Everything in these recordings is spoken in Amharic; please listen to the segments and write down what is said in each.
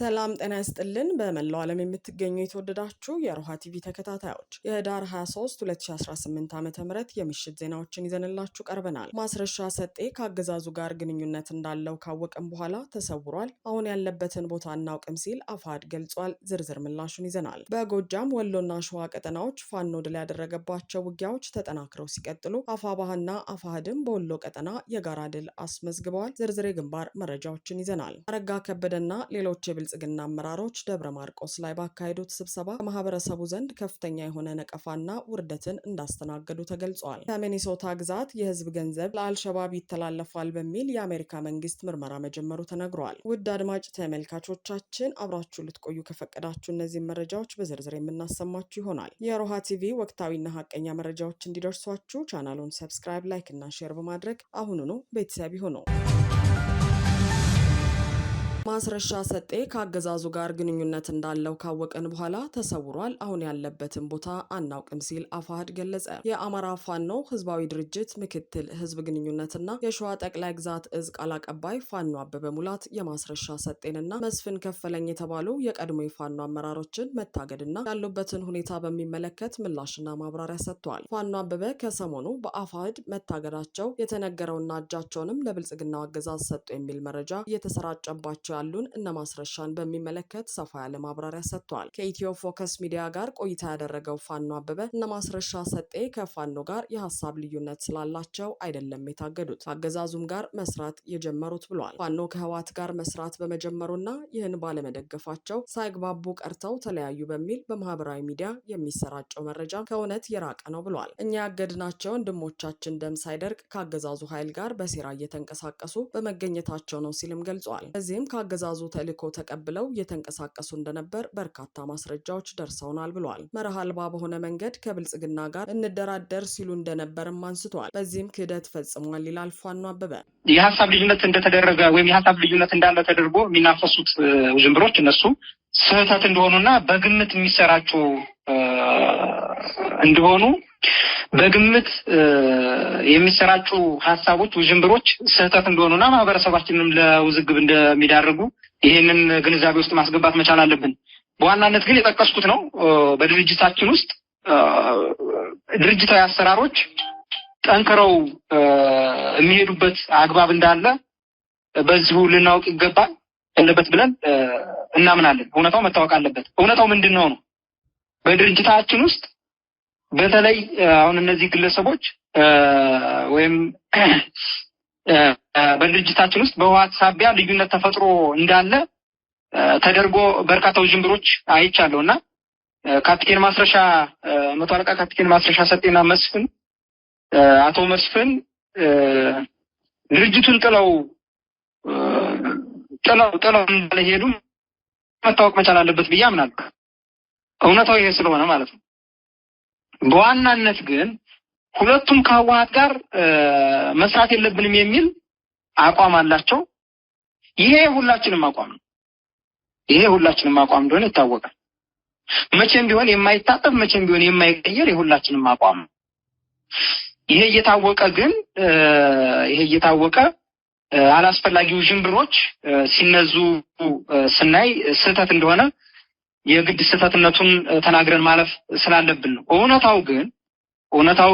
ሰላም ጤና ይስጥልን። በመላው ዓለም የምትገኙ የተወደዳችሁ የሮሃ ቲቪ ተከታታዮች የህዳር 23 2018 ዓ ም የምሽት ዜናዎችን ይዘንላችሁ ቀርበናል። ማስረሻ ሰጤ ከአገዛዙ ጋር ግንኙነት እንዳለው ካወቅም በኋላ ተሰውሯል፣ አሁን ያለበትን ቦታ እናውቅም ሲል አፋድ ገልጿል። ዝርዝር ምላሹን ይዘናል። በጎጃም ወሎና ሸዋ ቀጠናዎች ፋኖ ድል ያደረገባቸው ውጊያዎች ተጠናክረው ሲቀጥሉ አፋባህና አፋህድም በወሎ ቀጠና የጋራ ድል አስመዝግበዋል። ዝርዝር የግንባር መረጃዎችን ይዘናል። አረጋ ከበደና ሌሎች የብል የብልጽግና አመራሮች ደብረ ማርቆስ ላይ ባካሄዱት ስብሰባ ከማህበረሰቡ ዘንድ ከፍተኛ የሆነ ነቀፋና ውርደትን እንዳስተናገዱ ተገልጿል። ከሚኒሶታ ግዛት የህዝብ ገንዘብ ለአልሸባብ ይተላለፋል በሚል የአሜሪካ መንግስት ምርመራ መጀመሩ ተነግሯል። ውድ አድማጭ ተመልካቾቻችን አብራችሁ ልትቆዩ ከፈቀዳችሁ እነዚህን መረጃዎች በዝርዝር የምናሰማችሁ ይሆናል። የሮሃ ቲቪ ወቅታዊና ሀቀኛ መረጃዎች እንዲደርሷችሁ ቻናሉን ሰብስክራይብ፣ ላይክ እና ሼር በማድረግ አሁኑኑ ቤተሰብ ይሁኑ። ማስረሻ ሰጤ ከአገዛዙ ጋር ግንኙነት እንዳለው ካወቀን በኋላ ተሰውሯል። አሁን ያለበትን ቦታ አናውቅም ሲል አፋህድ ገለጸ። የአማራ ፋኖ ህዝባዊ ድርጅት ምክትል ህዝብ ግንኙነትና የሸዋ ጠቅላይ ግዛት እዝ ቃል አቀባይ ፋኖ አበበ ሙላት የማስረሻ ሰጤንና መስፍን ከፈለኝ የተባሉ የቀድሞ የፋኖ አመራሮችን መታገድና ያሉበትን ሁኔታ በሚመለከት ምላሽና ማብራሪያ ሰጥተዋል። ፋኖ አበበ ከሰሞኑ በአፋህድ መታገዳቸው የተነገረውና እጃቸውንም ለብልጽግናው አገዛዝ ሰጡ የሚል መረጃ እየተሰራጨባቸው እንግዶቻቸው ያሉን እነ ማስረሻን በሚመለከት ሰፋ ያለ ማብራሪያ ሰጥቷል። ከኢትዮ ፎከስ ሚዲያ ጋር ቆይታ ያደረገው ፋኖ አበበ እነ ማስረሻ ሰጤ ከፋኖ ጋር የሀሳብ ልዩነት ስላላቸው አይደለም የታገዱት ከአገዛዙም ጋር መስራት የጀመሩት ብሏል። ፋኖ ከህዋት ጋር መስራት በመጀመሩና ይህን ባለመደገፋቸው ሳይግባቡ ቀርተው ተለያዩ በሚል በማህበራዊ ሚዲያ የሚሰራጨው መረጃ ከእውነት የራቀ ነው ብሏል። እኛ ያገድናቸው ወንድሞቻችን ደም ሳይደርቅ ከአገዛዙ ኃይል ጋር በሴራ እየተንቀሳቀሱ በመገኘታቸው ነው ሲልም ገልጿል። በዚህም ከአገዛዙ ተልዕኮ ተቀብለው እየተንቀሳቀሱ እንደነበር በርካታ ማስረጃዎች ደርሰውናል ብሏል። መርህ አልባ በሆነ መንገድ ከብልጽግና ጋር እንደራደር ሲሉ እንደነበርም አንስተዋል። በዚህም ክህደት ፈጽሟል ይላል ፋኖ አበበ። የሀሳብ ልዩነት እንደተደረገ ወይም የሀሳብ ልዩነት እንዳለ ተደርጎ የሚናፈሱት ውዥንብሮች እነሱ ስህተት እንደሆኑና በግምት የሚሰራቸው እንደሆኑ በግምት የሚሰራጩ ሀሳቦች፣ ውዥንብሮች ስህተት እንደሆኑና ማህበረሰባችንም ለውዝግብ እንደሚዳርጉ ይህንን ግንዛቤ ውስጥ ማስገባት መቻል አለብን። በዋናነት ግን የጠቀስኩት ነው በድርጅታችን ውስጥ ድርጅታዊ አሰራሮች ጠንክረው የሚሄዱበት አግባብ እንዳለ በዚሁ ልናውቅ ይገባል ያለበት ብለን እናምናለን። እውነታው መታወቅ አለበት። እውነታው ምንድን ነው ነው በድርጅታችን ውስጥ በተለይ አሁን እነዚህ ግለሰቦች ወይም በድርጅታችን ውስጥ በህወሓት ሳቢያ ልዩነት ተፈጥሮ እንዳለ ተደርጎ በርካታ ውዥንብሮች አይቻለሁ እና ካፒቴን ማስረሻ መቶ አለቃ ካፒቴን ማስረሻ ሰጤና መስፍን አቶ መስፍን ድርጅቱን ጥለው ጥለው ጥለው እንዳለ ሄዱ መታወቅ መቻል አለበት ብዬ አምናለሁ። እውነታው ይሄ ስለሆነ ማለት ነው። በዋናነት ግን ሁለቱም ከህወሓት ጋር መስራት የለብንም የሚል አቋም አላቸው። ይሄ ሁላችንም አቋም ነው። ይሄ ሁላችንም አቋም እንደሆነ ይታወቃል። መቼም ቢሆን የማይታጠብ መቼም ቢሆን የማይቀየር የሁላችንም አቋም ነው። ይሄ እየታወቀ ግን ይሄ እየታወቀ አላስፈላጊው ዥንብሮች ሲነዙ ስናይ ስህተት እንደሆነ የግድ ስህተትነቱን ተናግረን ማለፍ ስላለብን ነው። እውነታው ግን እውነታው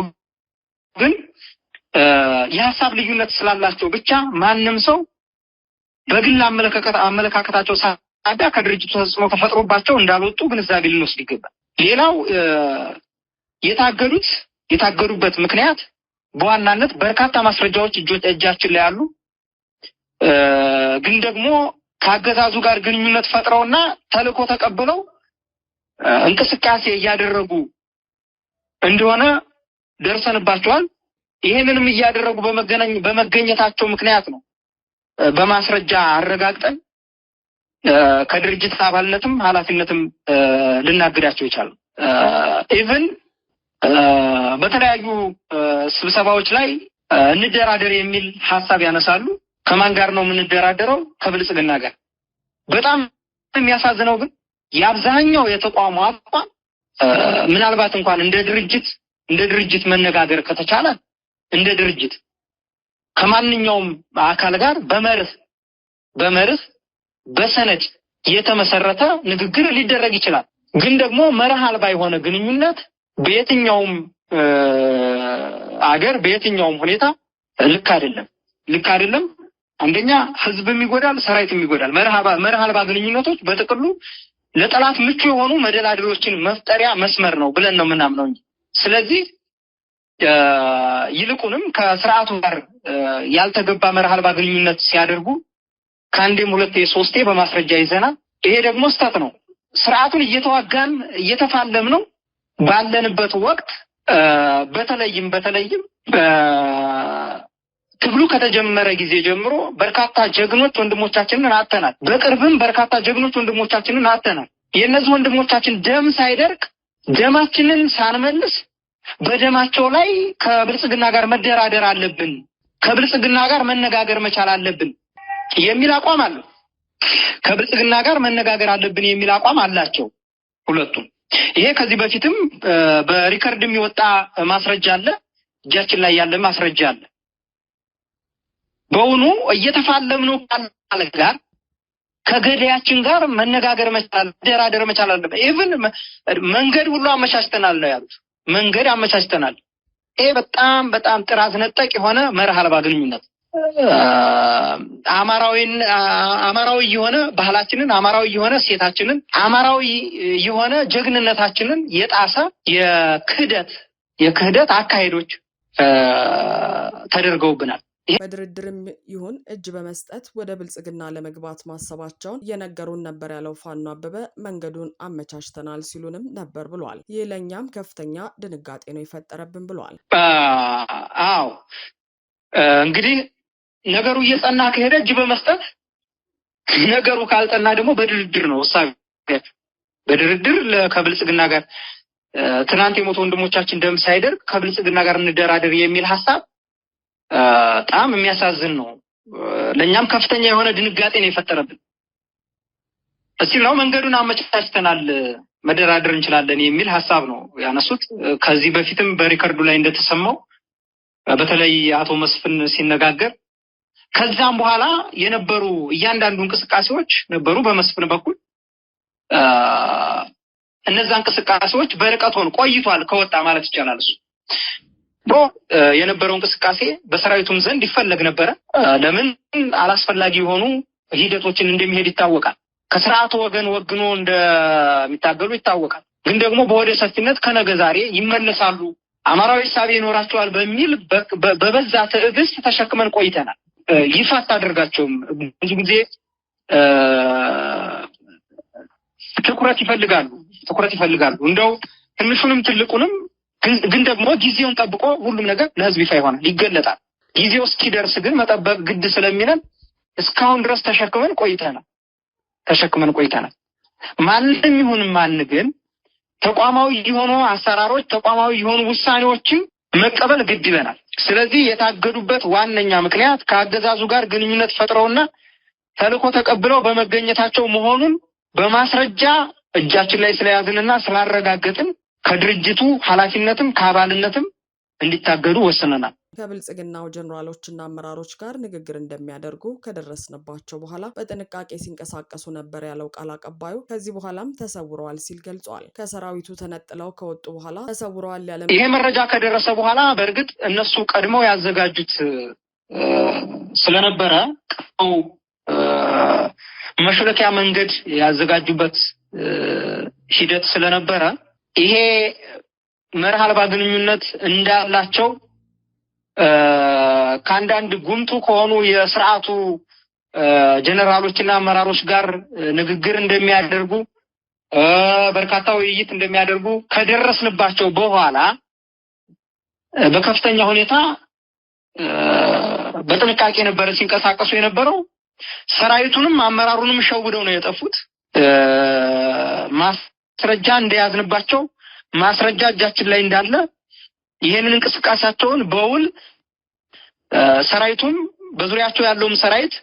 ግን የሀሳብ ልዩነት ስላላቸው ብቻ ማንም ሰው በግል አመለካከታቸው ሳቢያ ከድርጅቱ ተጽዕኖ ተፈጥሮባቸው እንዳልወጡ ግንዛቤ ልንወስድ ይገባል። ሌላው የታገዱት የታገዱበት ምክንያት በዋናነት በርካታ ማስረጃዎች እጃችን ላይ አሉ ግን ደግሞ ከአገዛዙ ጋር ግንኙነት ፈጥረውና ተልእኮ ተቀብለው እንቅስቃሴ እያደረጉ እንደሆነ ደርሰንባቸዋል። ይህንንም እያደረጉ በመገኘታቸው ምክንያት ነው በማስረጃ አረጋግጠን ከድርጅት አባልነትም ኃላፊነትም ልናግዳቸው ይቻሉ። ኢቭን በተለያዩ ስብሰባዎች ላይ እንደራደር የሚል ሀሳብ ያነሳሉ። ከማን ጋር ነው የምንደራደረው? ከብልጽግና ጋር። በጣም የሚያሳዝነው ግን የአብዛኛው የተቋሙ አቋም ምናልባት እንኳን እንደ ድርጅት እንደ ድርጅት መነጋገር ከተቻለ እንደ ድርጅት ከማንኛውም አካል ጋር በመርህ በመርህ በሰነድ የተመሰረተ ንግግር ሊደረግ ይችላል። ግን ደግሞ መርህ አልባ የሆነ ግንኙነት በየትኛውም አገር በየትኛውም ሁኔታ ልክ አይደለም ልክ አይደለም። አንደኛ ህዝብም ይጎዳል፣ ሰራዊትም ይጎዳል። መርህ አልባ ግንኙነቶች በጥቅሉ ለጠላት ምቹ የሆኑ መደላድሎችን መፍጠሪያ መስመር ነው ብለን ነው የምናምነው እንጂ ስለዚህ ይልቁንም ከስርዓቱ ጋር ያልተገባ መርህ አልባ ግንኙነት ሲያደርጉ ከአንዴም ሁለቴ ሶስቴ በማስረጃ ይዘናል። ይሄ ደግሞ ስተት ነው። ስርዓቱን እየተዋጋን እየተፋለም ነው ባለንበት ወቅት በተለይም በተለይም ትግሉ ከተጀመረ ጊዜ ጀምሮ በርካታ ጀግኖች ወንድሞቻችንን አተናል። በቅርብም በርካታ ጀግኖች ወንድሞቻችንን አተናል። የእነዚህ ወንድሞቻችን ደም ሳይደርቅ ደማችንን ሳንመልስ በደማቸው ላይ ከብልጽግና ጋር መደራደር አለብን፣ ከብልጽግና ጋር መነጋገር መቻል አለብን የሚል አቋም አለው። ከብልጽግና ጋር መነጋገር አለብን የሚል አቋም አላቸው ሁለቱም። ይሄ ከዚህ በፊትም በሪከርድ የሚወጣ ማስረጃ አለ፣ እጃችን ላይ ያለ ማስረጃ አለ። በውኑ እየተፋለምኑ ማለት ጋር ከገዳያችን ጋር መነጋገር መቻል መደራደር መቻል አለበት። ኢቭን መንገድ ሁሉ አመቻችተናል ነው ያሉት። መንገድ አመቻችተናል። ይሄ በጣም በጣም ጥራት ነጠቅ የሆነ መርህ አልባ ግንኙነት አማራዊ የሆነ ባህላችንን አማራዊ የሆነ ሴታችንን አማራዊ የሆነ ጀግንነታችንን የጣሰ የክህደት የክህደት አካሄዶች ተደርገውብናል። በድርድርም ይሁን እጅ በመስጠት ወደ ብልጽግና ለመግባት ማሰባቸውን የነገሩን ነበር ያለው ፋኖ አበበ መንገዱን አመቻችተናል ሲሉንም ነበር ብሏል። ይህ ለእኛም ከፍተኛ ድንጋጤ ነው የፈጠረብን ብሏል። አዎ እንግዲህ ነገሩ እየጸና ከሄደ እጅ በመስጠት ነገሩ ካልጠና ደግሞ በድርድር ነው እሳ በድርድር ከብልጽግና ጋር ትናንት የሞቱ ወንድሞቻችን ደም ሳይደርግ ከብልጽግና ጋር እንደራደር የሚል ሀሳብ በጣም የሚያሳዝን ነው። ለእኛም ከፍተኛ የሆነ ድንጋጤ ነው የፈጠረብን። እስቲ ነው መንገዱን አመቻችተናል መደራደር እንችላለን የሚል ሀሳብ ነው ያነሱት። ከዚህ በፊትም በሪከርዱ ላይ እንደተሰማው በተለይ አቶ መስፍን ሲነጋገር ከዛም በኋላ የነበሩ እያንዳንዱ እንቅስቃሴዎች ነበሩ በመስፍን በኩል እነዛ እንቅስቃሴዎች በርቀት ሆን ቆይቷል ከወጣ ማለት ይቻላል እሱ ድሮ የነበረው እንቅስቃሴ በሰራዊቱም ዘንድ ይፈለግ ነበረ። ለምን አላስፈላጊ የሆኑ ሂደቶችን እንደሚሄድ ይታወቃል። ከስርዓቱ ወገን ወግኖ እንደሚታገሉ ይታወቃል። ግን ደግሞ በወደ ሰፊነት ከነገ ዛሬ ይመለሳሉ፣ አማራዊ ሳቤ ይኖራቸዋል በሚል በበዛ ትዕግስት ተሸክመን ቆይተናል። ይፋ አታደርጋቸውም። ብዙ ጊዜ ትኩረት ይፈልጋሉ፣ ትኩረት ይፈልጋሉ። እንደው ትንሹንም ትልቁንም ግን ደግሞ ጊዜውን ጠብቆ ሁሉም ነገር ለህዝብ ይፋ ይሆናል፣ ይገለጣል። ጊዜው እስኪደርስ ግን መጠበቅ ግድ ስለሚለን እስካሁን ድረስ ተሸክመን ቆይተናል። ተሸክመን ቆይተናል። ማንም ይሁን ማን ግን ተቋማዊ የሆኑ አሰራሮች፣ ተቋማዊ የሆኑ ውሳኔዎችን መቀበል ግድ ይለናል። ስለዚህ የታገዱበት ዋነኛ ምክንያት ከአገዛዙ ጋር ግንኙነት ፈጥረውና ተልዕኮ ተቀብለው በመገኘታቸው መሆኑን በማስረጃ እጃችን ላይ ስለያዝንና ስላረጋገጥን ከድርጅቱ ኃላፊነትም ከአባልነትም እንዲታገዱ ወስነናል። ከብልጽግናው ጀኔራሎችና አመራሮች ጋር ንግግር እንደሚያደርጉ ከደረስንባቸው በኋላ በጥንቃቄ ሲንቀሳቀሱ ነበር ያለው ቃል አቀባዩ ከዚህ በኋላም ተሰውረዋል ሲል ገልጿል። ከሰራዊቱ ተነጥለው ከወጡ በኋላ ተሰውረዋል ያለ ይሄ መረጃ ከደረሰ በኋላ በእርግጥ እነሱ ቀድመው ያዘጋጁት ስለነበረ ቀው መሽለኪያ መንገድ ያዘጋጁበት ሂደት ስለነበረ ይሄ መርህ አልባ ግንኙነት እንዳላቸው ከአንዳንድ ጉምቱ ከሆኑ የስርዓቱ ጀነራሎችና አመራሮች ጋር ንግግር እንደሚያደርጉ በርካታ ውይይት እንደሚያደርጉ ከደረስንባቸው በኋላ በከፍተኛ ሁኔታ በጥንቃቄ ነበረ ሲንቀሳቀሱ የነበረው። ሰራዊቱንም አመራሩንም ሸውደው ነው የጠፉት። ማስረጃ እንደያዝንባቸው ማስረጃ እጃችን ላይ እንዳለ ይህንን እንቅስቃሴያቸውን በውል ሰራዊቱም በዙሪያቸው ያለውም ሰራዊት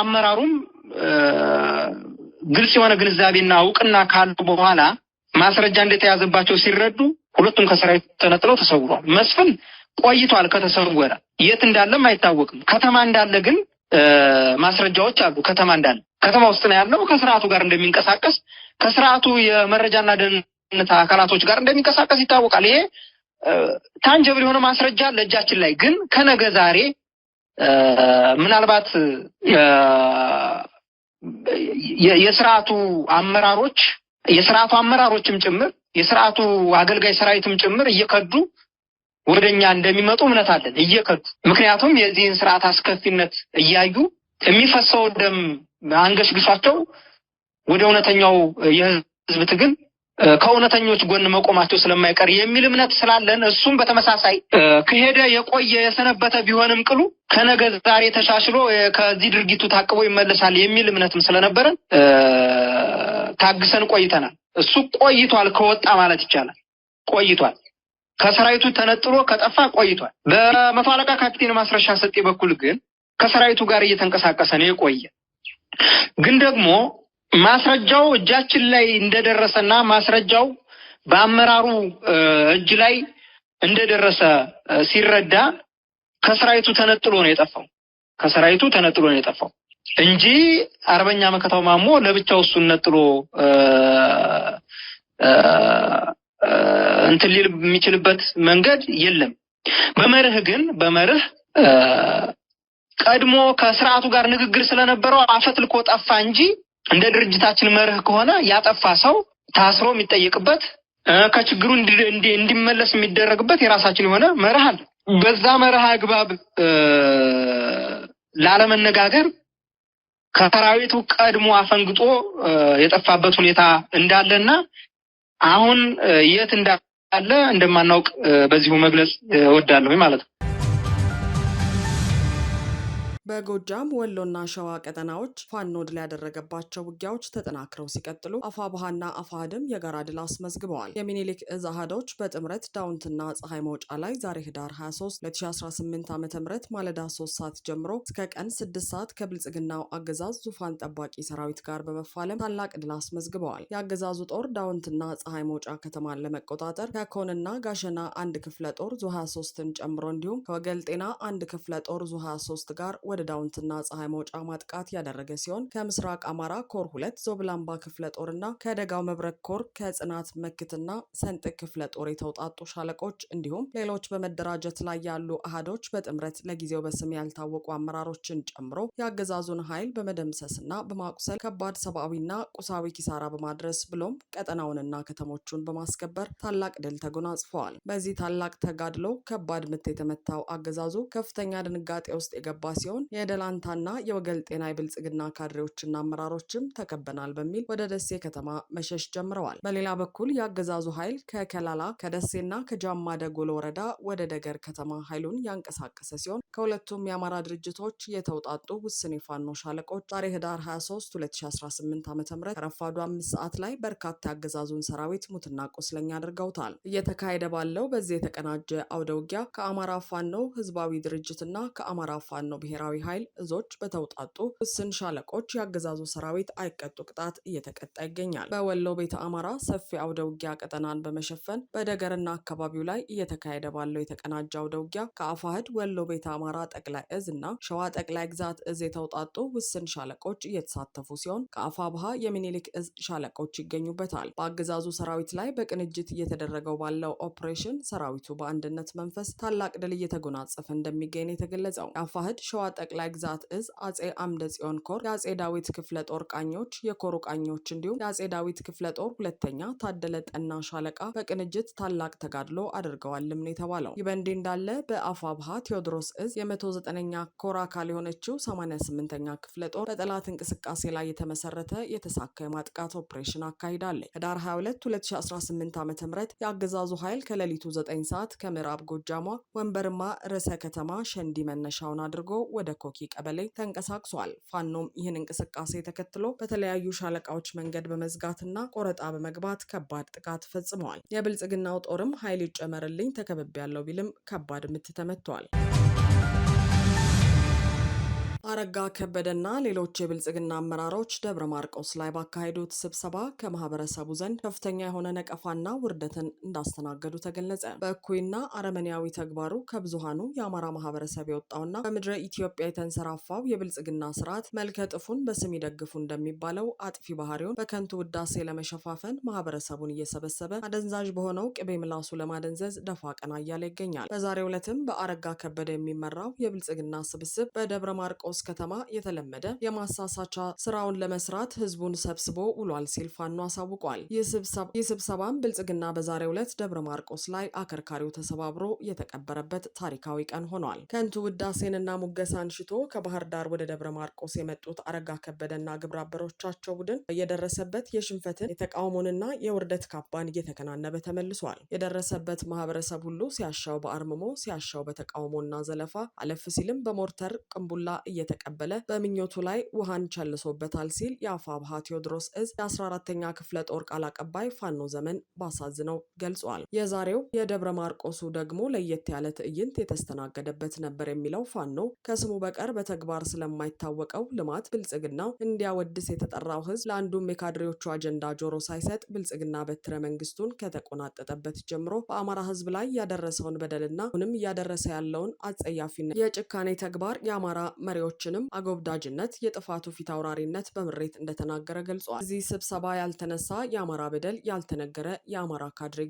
አመራሩም ግልጽ የሆነ ግንዛቤና እውቅና ካሉ በኋላ ማስረጃ እንደተያዘባቸው ሲረዱ ሁለቱም ከሰራዊት ተነጥለው ተሰውሯል። መስፍን ቆይቷል ከተሰወረ፣ የት እንዳለም አይታወቅም። ከተማ እንዳለ ግን ማስረጃዎች አሉ። ከተማ እንዳለ ከተማ ውስጥ ነው ያለው። ከስርዓቱ ጋር እንደሚንቀሳቀስ ከስርዓቱ የመረጃና ደህንነት አካላቶች ጋር እንደሚንቀሳቀስ ይታወቃል። ይሄ ታንጀብል የሆነ ማስረጃ ለእጃችን ላይ ግን ከነገ ዛሬ ምናልባት የስርዓቱ አመራሮች የስርዓቱ አመራሮችም ጭምር የስርዓቱ አገልጋይ ሰራዊትም ጭምር እየከዱ ወደኛ እንደሚመጡ እምነት አለን እየከዱ ምክንያቱም የዚህን ስርዓት አስከፊነት እያዩ የሚፈሰው ደም አንገሽግሿቸው ወደ እውነተኛው የህዝብ ትግል ከእውነተኞች ጎን መቆማቸው ስለማይቀር የሚል እምነት ስላለን እሱም በተመሳሳይ ከሄደ የቆየ የሰነበተ ቢሆንም ቅሉ ከነገ ዛሬ ተሻሽሎ ከዚህ ድርጊቱ ታቅቦ ይመለሳል የሚል እምነትም ስለነበረን ታግሰን ቆይተናል። እሱ ቆይቷል፣ ከወጣ ማለት ይቻላል ቆይቷል። ከሰራዊቱ ተነጥሎ ከጠፋ ቆይቷል። በመቶ አለቃ ካፒቴን ማስረሻ ሰጤ በኩል ግን ከሰራዊቱ ጋር እየተንቀሳቀሰ ነው የቆየ። ግን ደግሞ ማስረጃው እጃችን ላይ እንደደረሰና ማስረጃው በአመራሩ እጅ ላይ እንደደረሰ ሲረዳ ከሰራዊቱ ተነጥሎ ነው የጠፋው። ከሰራዊቱ ተነጥሎ ነው የጠፋው እንጂ አርበኛ መከታው ማሞ ለብቻው እሱን ነጥሎ እንትን ሊል የሚችልበት መንገድ የለም። በመርህ ግን በመርህ ቀድሞ ከስርዓቱ ጋር ንግግር ስለነበረው አፈትልኮ ጠፋ እንጂ እንደ ድርጅታችን መርህ ከሆነ ያጠፋ ሰው ታስሮ የሚጠየቅበት ከችግሩ እንዲመለስ የሚደረግበት የራሳችን የሆነ መርህ አለ። በዛ መርህ አግባብ ላለመነጋገር ከሰራዊቱ ቀድሞ አፈንግጦ የጠፋበት ሁኔታ እንዳለና አሁን የት እንዳለ እንደማናውቅ በዚሁ መግለጽ እወዳለሁ ማለት ነው። በጎጃም ወሎና ሸዋ ቀጠናዎች ፋኖ ድል ያደረገባቸው ውጊያዎች ተጠናክረው ሲቀጥሉ አፋብሃና አፋህድም የጋራ ድል አስመዝግበዋል። የሚኒሊክ እዝ አሃዶች በጥምረት ዳውንትና ፀሐይ መውጫ ላይ ዛሬ ህዳር 23 2018 ዓ ም ማለዳ 3 ሰዓት ጀምሮ እስከ ቀን 6 ሰዓት ከብልጽግናው አገዛዝ ዙፋን ጠባቂ ሰራዊት ጋር በመፋለም ታላቅ ድል አስመዝግበዋል። የአገዛዙ ጦር ዳውንትና ፀሐይ መውጫ ከተማን ለመቆጣጠር ከኮንና ጋሸና አንድ ክፍለ ጦር ዙ 23ን ጨምሮ እንዲሁም ከወገል ጤና አንድ ክፍለ ጦር ዙ 23 ጋር ወደ ዳውንትና ፀሐይ መውጫ ማጥቃት ያደረገ ሲሆን ከምስራቅ አማራ ኮር ሁለት ዞብላምባ ክፍለ ጦርና ከደጋው መብረቅ ኮር ከጽናት መክትና ሰንጥቅ ክፍለ ጦር የተውጣጡ ሻለቆች እንዲሁም ሌሎች በመደራጀት ላይ ያሉ አህዶች በጥምረት ለጊዜው በስም ያልታወቁ አመራሮችን ጨምሮ የአገዛዙን ኃይል በመደምሰስና በማቁሰል ከባድ ሰብአዊና ቁሳዊ ኪሳራ በማድረስ ብሎም ቀጠናውንና ከተሞቹን በማስከበር ታላቅ ድል ተጎናጽፈዋል። በዚህ ታላቅ ተጋድሎ ከባድ ምት የተመታው አገዛዙ ከፍተኛ ድንጋጤ ውስጥ የገባ ሲሆን የደላንታና የወገል ጤና የብልጽግና ካድሬዎችና አመራሮችም ተከበናል በሚል ወደ ደሴ ከተማ መሸሽ ጀምረዋል። በሌላ በኩል የአገዛዙ ኃይል ከከላላ ከደሴና ከጃማ ደጎል ወረዳ ወደ ደገር ከተማ ኃይሉን ያንቀሳቀሰ ሲሆን ከሁለቱም የአማራ ድርጅቶች የተውጣጡ ውስን የፋኖ ሻለቆች ዛሬ ህዳር 23 2018 ዓ ም ረፋዱ አምስት ሰዓት ላይ በርካታ የአገዛዙን ሰራዊት ሙትና ቁስለኛ አድርገውታል። እየተካሄደ ባለው በዚህ የተቀናጀ አውደ ውጊያ ከአማራ ፋኖ ህዝባዊ ድርጅትና ከአማራ ፋኖ ብሔራዊ ወታደራዊ ኃይል እዞች በተውጣጡ ውስን ሻለቆች የአገዛዙ ሰራዊት አይቀጡ ቅጣት እየተቀጣ ይገኛል። በወሎ ቤተ አማራ ሰፊ አውደ ውጊያ ቀጠናን በመሸፈን በደገርና አካባቢው ላይ እየተካሄደ ባለው የተቀናጀ አውደ ውጊያ ከአፋህድ ወሎ ቤተ አማራ ጠቅላይ እዝ እና ሸዋ ጠቅላይ ግዛት እዝ የተውጣጡ ውስን ሻለቆች እየተሳተፉ ሲሆን ከአፋ ባሃ የሚኒሊክ እዝ ሻለቆች ይገኙበታል። በአገዛዙ ሰራዊት ላይ በቅንጅት እየተደረገው ባለው ኦፕሬሽን ሰራዊቱ በአንድነት መንፈስ ታላቅ ድል እየተጎናጸፈ እንደሚገኝ የተገለጸው የአፋህድ ሸዋ ጠቅላይ ግዛት እዝ አጼ አምደ ጽዮን ኮር የአጼ ዳዊት ክፍለ ጦር ቃኞች፣ የኮሩ ቃኞች እንዲሁም የአጼ ዳዊት ክፍለ ጦር ሁለተኛ ታደለ ጠና ሻለቃ በቅንጅት ታላቅ ተጋድሎ አድርገዋልም ነው የተባለው። ይህ በእንዲህ እንዳለ በአፋብሃ ቴዎድሮስ እዝ የ109ኛ ኮር አካል የሆነችው 88ኛ ክፍለ ጦር በጠላት እንቅስቃሴ ላይ የተመሰረተ የተሳካ የማጥቃት ኦፕሬሽን አካሂዳለች። ህዳር 22 2018 ዓ ም የአገዛዙ ኃይል ከሌሊቱ 9 ሰዓት ከምዕራብ ጎጃሟ ወንበርማ ርዕሰ ከተማ ሸንዲ መነሻውን አድርጎ ወደ ወደ ኮኪ ቀበሌ ተንቀሳቅሷል። ፋኖም ይህን እንቅስቃሴ ተከትሎ በተለያዩ ሻለቃዎች መንገድ በመዝጋትና ቆረጣ በመግባት ከባድ ጥቃት ፈጽመዋል። የብልጽግናው ጦርም ኃይል ይጨመርልኝ ተከብቤያለሁ ቢልም ከባድ ምት ተመቷል። አረጋ ከበደና ሌሎች የብልጽግና አመራሮች ደብረ ማርቆስ ላይ ባካሄዱት ስብሰባ ከማህበረሰቡ ዘንድ ከፍተኛ የሆነ ነቀፋና ውርደትን እንዳስተናገዱ ተገለጸ። በእኩይና አረመኔያዊ ተግባሩ ከብዙሃኑ የአማራ ማህበረሰብ የወጣውና በምድረ ኢትዮጵያ የተንሰራፋው የብልጽግና ስርዓት መልከ ጥፉን በስም ይደግፉ እንደሚባለው አጥፊ ባህሪውን በከንቱ ውዳሴ ለመሸፋፈን ማህበረሰቡን እየሰበሰበ አደንዛዥ በሆነው ቅቤ ምላሱ ለማደንዘዝ ደፋ ቀና እያለ ይገኛል። በዛሬው ዕለትም በአረጋ ከበደ የሚመራው የብልጽግና ስብስብ በደብረ ማርቆስ ማርቆስ ከተማ የተለመደ የማሳሳቻ ስራውን ለመስራት ህዝቡን ሰብስቦ ውሏል ሲል ፋኖ አሳውቋል። ይህ ስብሰባም ብልጽግና በዛሬው ዕለት ደብረ ማርቆስ ላይ አከርካሪው ተሰባብሮ የተቀበረበት ታሪካዊ ቀን ሆኗል። ከንቱ ውዳሴንና ሙገሳን ሽቶ ከባህር ዳር ወደ ደብረ ማርቆስ የመጡት አረጋ ከበደና ግብራበሮቻቸው ቡድን የደረሰበት የሽንፈትን የተቃውሞንና የውርደት ካባን እየተከናነበ ተመልሷል። የደረሰበት ማህበረሰብ ሁሉ ሲያሻው በአርምሞ ሲያሻው በተቃውሞና ዘለፋ አለፍ ሲልም በሞርተር ቅንቡላ እየተቀበለ በምኞቱ ላይ ውሃን ቸልሶበታል ሲል የአፋብሃ ቴዎድሮስ እዝ የ14ተኛ ክፍለ ጦር ቃል አቀባይ ፋኖ ዘመን ባሳዝነው ገልጿል። የዛሬው የደብረ ማርቆሱ ደግሞ ለየት ያለ ትዕይንት የተስተናገደበት ነበር የሚለው ፋኖ ከስሙ በቀር በተግባር ስለማይታወቀው ልማት ብልጽግናው እንዲያወድስ የተጠራው ህዝብ ለአንዱም የካድሬዎቹ አጀንዳ ጆሮ ሳይሰጥ ብልጽግና በትረ መንግስቱን ከተቆናጠጠበት ጀምሮ በአማራ ህዝብ ላይ ያደረሰውን በደልና አሁንም እያደረሰ ያለውን አጸያፊነት የጭካኔ ተግባር የአማራ መሪዎች ተናጋሪዎችንም አጎብዳጅነት፣ የጥፋቱ ፊት አውራሪነት በምሬት እንደተናገረ ገልጿል። እዚህ ስብሰባ ያልተነሳ የአማራ በደል ያልተነገረ የአማራ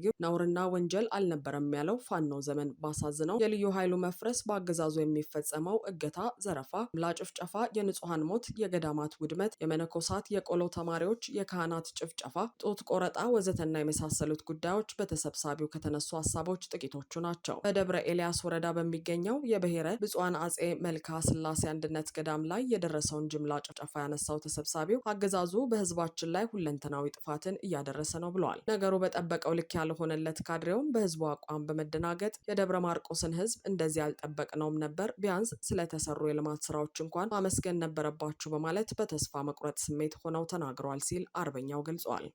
ግብ ነውርና ወንጀል አልነበረም ያለው ፋኖ ዘመን ባሳዝነው የልዩ ኃይሉ መፍረስ በአገዛዙ የሚፈጸመው እገታ፣ ዘረፋ፣ ጅምላ ጭፍጨፋ፣ የንጹሐን ሞት፣ የገዳማት ውድመት፣ የመነኮሳት የቆሎ ተማሪዎች፣ የካህናት ጭፍጨፋ፣ ጡት ቆረጣ ወዘተና የመሳሰሉት ጉዳዮች በተሰብሳቢው ከተነሱ ሀሳቦች ጥቂቶቹ ናቸው። በደብረ ኤልያስ ወረዳ በሚገኘው የብሔረ ብፁዓን አጼ መልካ ስላሴ አንድ አንድነት ገዳም ላይ የደረሰውን ጅምላ ጭፍጨፋ ያነሳው ተሰብሳቢው አገዛዙ በህዝባችን ላይ ሁለንተናዊ ጥፋትን እያደረሰ ነው ብለዋል። ነገሩ በጠበቀው ልክ ያልሆነለት ካድሬውም በህዝቡ አቋም በመደናገጥ የደብረ ማርቆስን ህዝብ እንደዚህ አልጠበቅነውም ነበር፣ ቢያንስ ስለተሰሩ የልማት ስራዎች እንኳን ማመስገን ነበረባችሁ በማለት በተስፋ መቁረጥ ስሜት ሆነው ተናግሯል ሲል አርበኛው ገልጿል።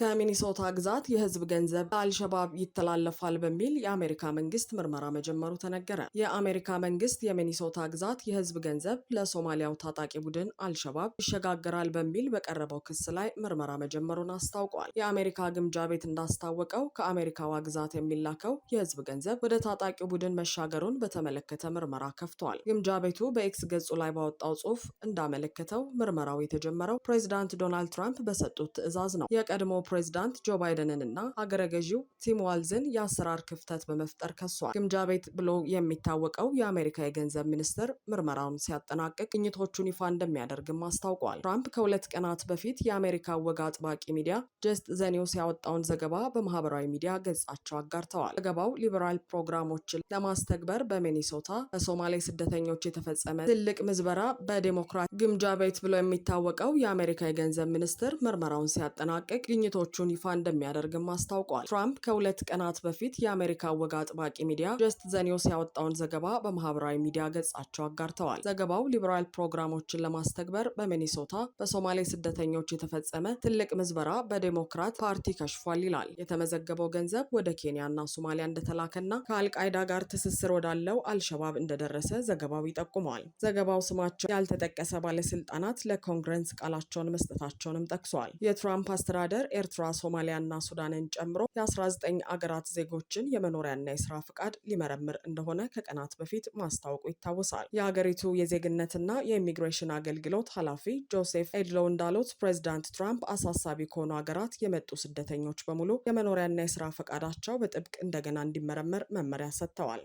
ከሚኒሶታ ግዛት የህዝብ ገንዘብ አልሸባብ ይተላለፋል በሚል የአሜሪካ መንግስት ምርመራ መጀመሩ ተነገረ። የአሜሪካ መንግስት የሚኒሶታ ግዛት የህዝብ ገንዘብ ለሶማሊያው ታጣቂ ቡድን አልሸባብ ይሸጋገራል በሚል በቀረበው ክስ ላይ ምርመራ መጀመሩን አስታውቋል። የአሜሪካ ግምጃ ቤት እንዳስታወቀው ከአሜሪካዋ ግዛት የሚላከው የህዝብ ገንዘብ ወደ ታጣቂ ቡድን መሻገሩን በተመለከተ ምርመራ ከፍቷል። ግምጃ ቤቱ በኤክስ ገጹ ላይ ባወጣው ጽሑፍ እንዳመለከተው ምርመራው የተጀመረው ፕሬዚዳንት ዶናልድ ትራምፕ በሰጡት ትዕዛዝ ነው። የቀድሞ ፕሬዚዳንት ጆ ባይደንን እና አገረ ገዢው ቲም ዋልዝን የአሰራር ክፍተት በመፍጠር ከሷል። ግምጃ ቤት ብሎ የሚታወቀው የአሜሪካ የገንዘብ ሚኒስትር ምርመራውን ሲያጠናቅቅ ግኝቶቹን ይፋ እንደሚያደርግም አስታውቋል። ትራምፕ ከሁለት ቀናት በፊት የአሜሪካ ወግ አጥባቂ ሚዲያ ጀስት ዘኒውስ ያወጣውን ዘገባ በማህበራዊ ሚዲያ ገጻቸው አጋርተዋል። ዘገባው ሊበራል ፕሮግራሞችን ለማስተግበር በሚኒሶታ በሶማሌ ስደተኞች የተፈጸመ ትልቅ ምዝበራ በዴሞክራት ግምጃ ቤት ብሎ የሚታወቀው የአሜሪካ የገንዘብ ሚኒስትር ምርመራውን ሲያጠናቅቅ ግኝቶ ውጤቶቹን ይፋ እንደሚያደርግም አስታውቋል። ትራምፕ ከሁለት ቀናት በፊት የአሜሪካ ወግ አጥባቂ ሚዲያ ጀስት ዘኒውስ ያወጣውን ዘገባ በማህበራዊ ሚዲያ ገጻቸው አጋርተዋል። ዘገባው ሊበራል ፕሮግራሞችን ለማስተግበር በሚኒሶታ በሶማሌ ስደተኞች የተፈጸመ ትልቅ ምዝበራ በዴሞክራት ፓርቲ ከሽፏል ይላል። የተመዘገበው ገንዘብ ወደ ኬንያና ሶማሊያ እንደተላከና ከአልቃይዳ ጋር ትስስር ወዳለው አልሸባብ እንደደረሰ ዘገባው ይጠቁመዋል። ዘገባው ስማቸው ያልተጠቀሰ ባለስልጣናት ለኮንግረስ ቃላቸውን መስጠታቸውንም ጠቅሷል። የትራምፕ አስተዳደር ኤርትራ፣ ሶማሊያና ሱዳንን ጨምሮ የ19 አገራት ዜጎችን የመኖሪያና የስራ ፍቃድ ሊመረምር እንደሆነ ከቀናት በፊት ማስታወቁ ይታወሳል። የሀገሪቱ የዜግነትና የኢሚግሬሽን አገልግሎት ኃላፊ ጆሴፍ ኤድሎ እንዳሉት ፕሬዚዳንት ትራምፕ አሳሳቢ ከሆኑ ሀገራት የመጡ ስደተኞች በሙሉ የመኖሪያና የስራ ፈቃዳቸው በጥብቅ እንደገና እንዲመረመር መመሪያ ሰጥተዋል።